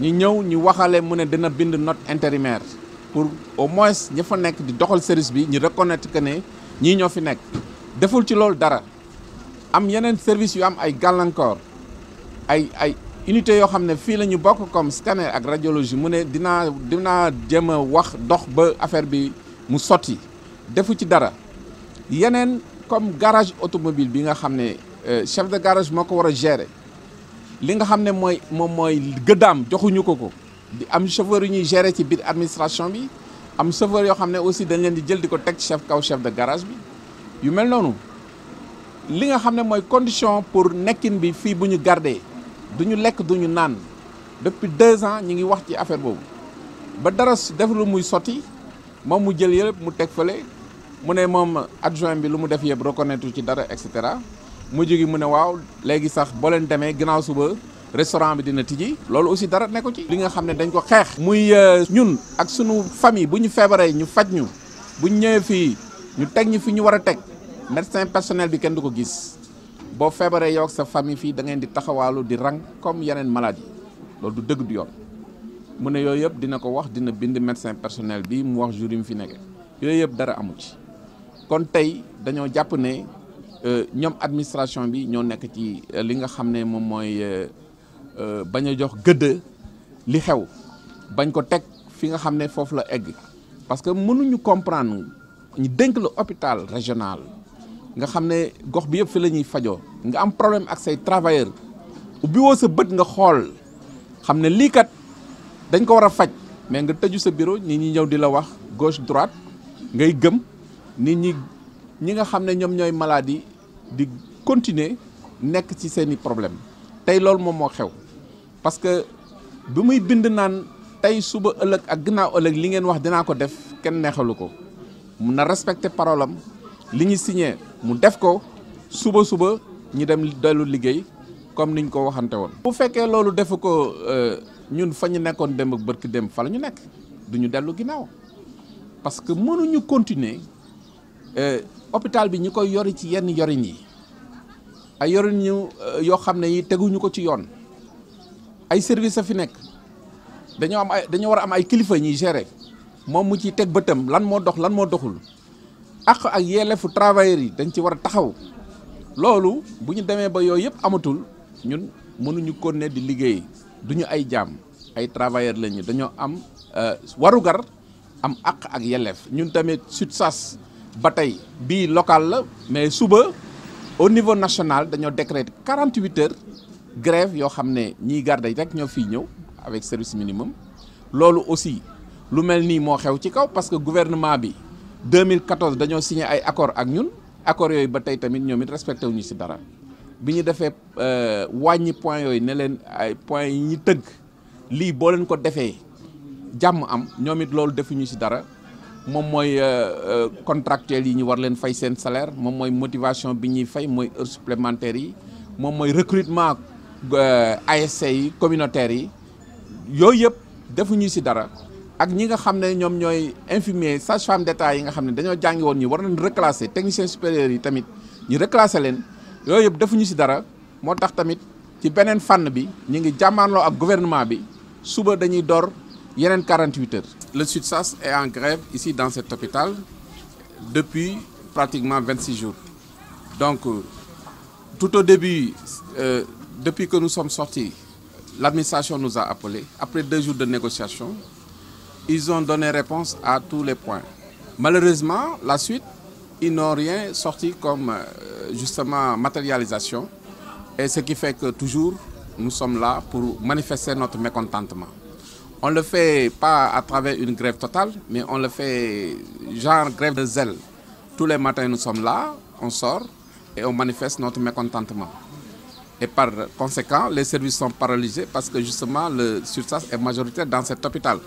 ñu ñëw ñu waxale mu ne dina bind note intérimaire pour au moins ña fa nekk di doxal service bi ñu reconnaître que ne ñii ñoo fi nekk deful ci loolu dara am yeneen service yu am ay gàllankoor ay ay unité yoo xam ne fii la ñu bokk comme scanner ak radiologie mu ne dinaa dinaa jéem a wax dox ba affaire bi mu sotti deful ci dara yeneen comme garage automobile bi nga xam ne euh, chef de garage moo ko war a gérer Linga nga xam ne mooy moom mooy joxuñu ko ko di am chauffeur ñuy ci administration bi am chauffeur yoo aussi dañ leen di jël chef chef de garage bi yu mel noonu li nga condition pour nekkin bi fi bu ñu lek naan depuis deux ans nous ngi wax ci affaire boobu ba dara def lu muy sotti moom jël yëpp mu adjoint bi mu gi mu ne waaw léegi sax boo leen demee gannaaw suba restaurant bi dina tijji loolu aussi dara nekku ci li nga xam ne dañ ko xeex muy euh, ñun ak sunu famille bu ñu feebaree ñu faj ñu bu ñu ñëwee fii ñu teg ñu fi ñu war a teg médecin personnel bi kenn du gis boo feebaree yow ak sa famille fii da ngeen di taxawaalu di rang comme yeneen malade yi loolu du dëgg du yoon mu ne yooyu yëpp dina ko wax dina bind médecin personnel bi mu wax jour fi nekkee yooyu yëpp dara amu ci kon tey dañoo jàpp ne Euh, ñoom administration bi ñoo nekk ci euh, li nga xam ne moom mooy euh, bañ a jox gëdd li xew bañ ko teg fi nga xam ne foofu la egg parce que mënuñu comprendre ñu dénk la hôpital régional nga xam ne gox bi yëpp fi la ñuy fajoo nga am problème ak say travailleur ubbi sa bët nga xool xam ne lii kat dañ ko war a faj mais nga tëju sa bureau nit ñi ñëw di la wax gauche droite ngay gëm nit ñi ñi nga xam ne ñoom ñooy maladie di continuer nekk ci seeni problème tey loolu moom moo xew parce que bi muy bind naan tey suba ëllëg ak gannaaw ëllëg li ngeen wax dinaa ko def kenn neexalu ko mun na respecter parole li ñu signé mu def ko suba suba ñu dem dellu liggéey comme niñ ko waxante woon. bu fekkee loolu defu ko euh, ñun fa ñu nekkoon démb ak bërki démb fa la ñu nekk du ñu dellu ginnaaw parce que mënuñu continuer. Euh, hôpital bi ñukoy yori ci yenn yorin yi ay yorin ñu eh, yo xamne yi teggu ñuko ci yoon ay service fi nek dañu am dañu wara war am ay kilifa ñi gérer mom mu tek betem, lan mo dox lan mo doxul ak ak yelef travailleur yi dañ ci war tahau, taxaw loolu buñu démé ba yoy yëpp amatul ñun mënu ñu ne di liggéey duñu ay jam ay travailleur lañu dañu am eh, warugar am ak ak yelef ñun tamit sud sas bataille bi local la mais suba au niveau national dañoo décréter 48 heures grève yo xamné ñi garder garde yi rek ñoo avec service minimum lolu aussi lu melni mo xew ci kaw parce que gouvernement bi 2014 dañoo signé ay accord ak ñun accord yoy bataille tamit ñomit it respecté wuñu ci dara biñu défé defee euh, point yoy ne len ay point yi ñu tëgg lii boo ko défé jam am ñomit lolu loolu defuñu ci dara mon mooy euh, euh, contractuel yi ñu war leen fay salaire mon mooy motivation bi ñuy fay heure supplémentaire yi moom recrutement euh, ASC yi yo yi yooyu yëpp defuñu ci dara ak ñi nga xam infirmier sage femme d'état yi nga xam ne dañoo jàngi woon war reclasser technicien supérieur yi tamit ñu reclasser leen yooyu yëpp defuñu ci dara moo tax tamit ci beneen fan bi ñu ngi jàmmaarloo ak gouvernement bi suba dañuy d'or yenen 48 heures le SUDSAS est en grève ici dans cet hôpital depuis pratiquement 26 jours. Donc, euh, tout au début, euh, depuis que nous sommes sortis, l'administration nous a appelés. Après deux jours de négociations, ils ont donné réponse à tous les points. Malheureusement, la suite, ils n'ont rien sorti comme euh, justement matérialisation. Et ce qui fait que toujours, nous sommes là pour manifester notre mécontentement. On le fait pas à travers une grève totale, mais on le fait genre grève de zèle. Tous les matins, nous sommes là, on sort et on manifeste notre mécontentement. Et par conséquent, les services sont paralysés parce que justement, le sursace est majoritaire dans cet hôpital.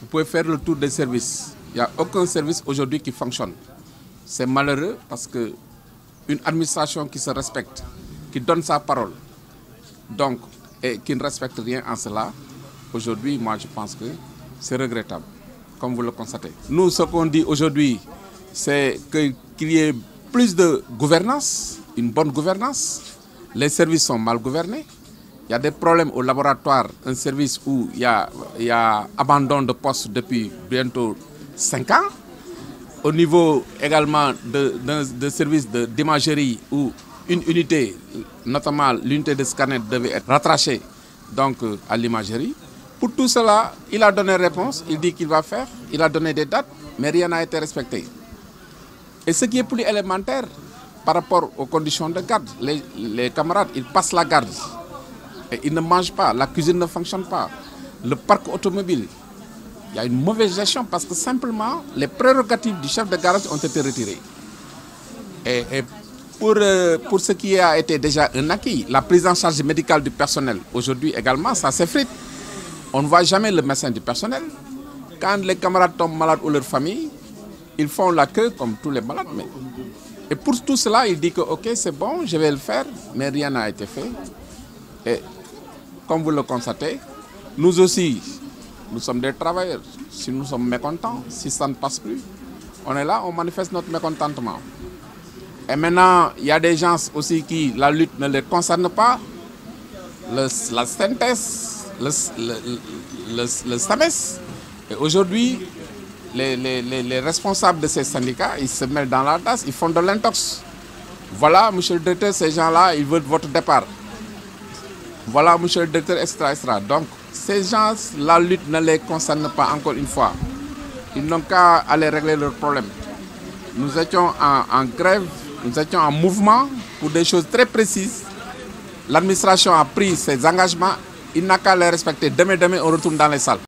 Vous pouvez faire le tour des services. Il n'y a aucun service aujourd'hui qui fonctionne. C'est malheureux parce que une administration qui se respecte, qui donne sa parole, donc, et qui ne respecte rien en cela, Aujourd'hui, moi, je pense que c'est regrettable, comme vous le constatez. Nous, ce qu'on dit aujourd'hui, c'est qu'il y ait plus de gouvernance, une bonne gouvernance. Les services sont mal gouvernés. Il y a des problèmes au laboratoire, un service où il y a, abandon de poste depuis bientôt cinq ans. Au niveau également de, de services d'imagerie où une unité, notamment l'unité de scanner, devait être rattachée donc, à l'imagerie. Pour tout cela, il a donné réponse, il dit qu'il va faire, il a donné des dates, mais rien n'a été respecté. Et ce qui est plus élémentaire par rapport aux conditions de garde, les, camarades, ils passent la garde. Et ils ne mangent pas, la cuisine ne fonctionne pas. Le parc automobile, il y a une mauvaise gestion parce que simplement les prérogatives du chef de garage ont été retirées. Et, pour, euh, pour ce qui a été déjà un acquis, la prise en charge médicale du personnel, aujourd'hui également, ça s'effrite. On ne voit jamais le médecin du personnel. Quand les camarades tombent malades ou leur famille, ils font la queue comme tous les malades. Mais... Et pour tout cela, il dit que ok, c'est bon, je vais le faire, mais rien n'a été fait. Et comme vous le constatez, nous aussi, nous sommes des travailleurs. Si nous sommes mécontents, si ça ne passe plus, on est là, on manifeste notre mécontentement. Et maintenant, il y a des gens aussi qui la lutte ne les concerne pas. la synthèse le, SAMES. Et aujourd'hui, les, responsables de ces syndicats, ils se mettent dans la tasse, ils font de l'intox. Voilà, monsieur le directeur, ces gens-là, ils veulent votre départ. Voilà, monsieur le directeur, etc. Donc, ces gens, la lutte ne les concerne pas encore une fois. Ils n'ont qu'à aller régler leurs problèmes. Nous étions en grève, nous étions en mouvement pour des choses très précises. L'administration a pris ses engagements il n'a qu'à les respecter demain demain on retourne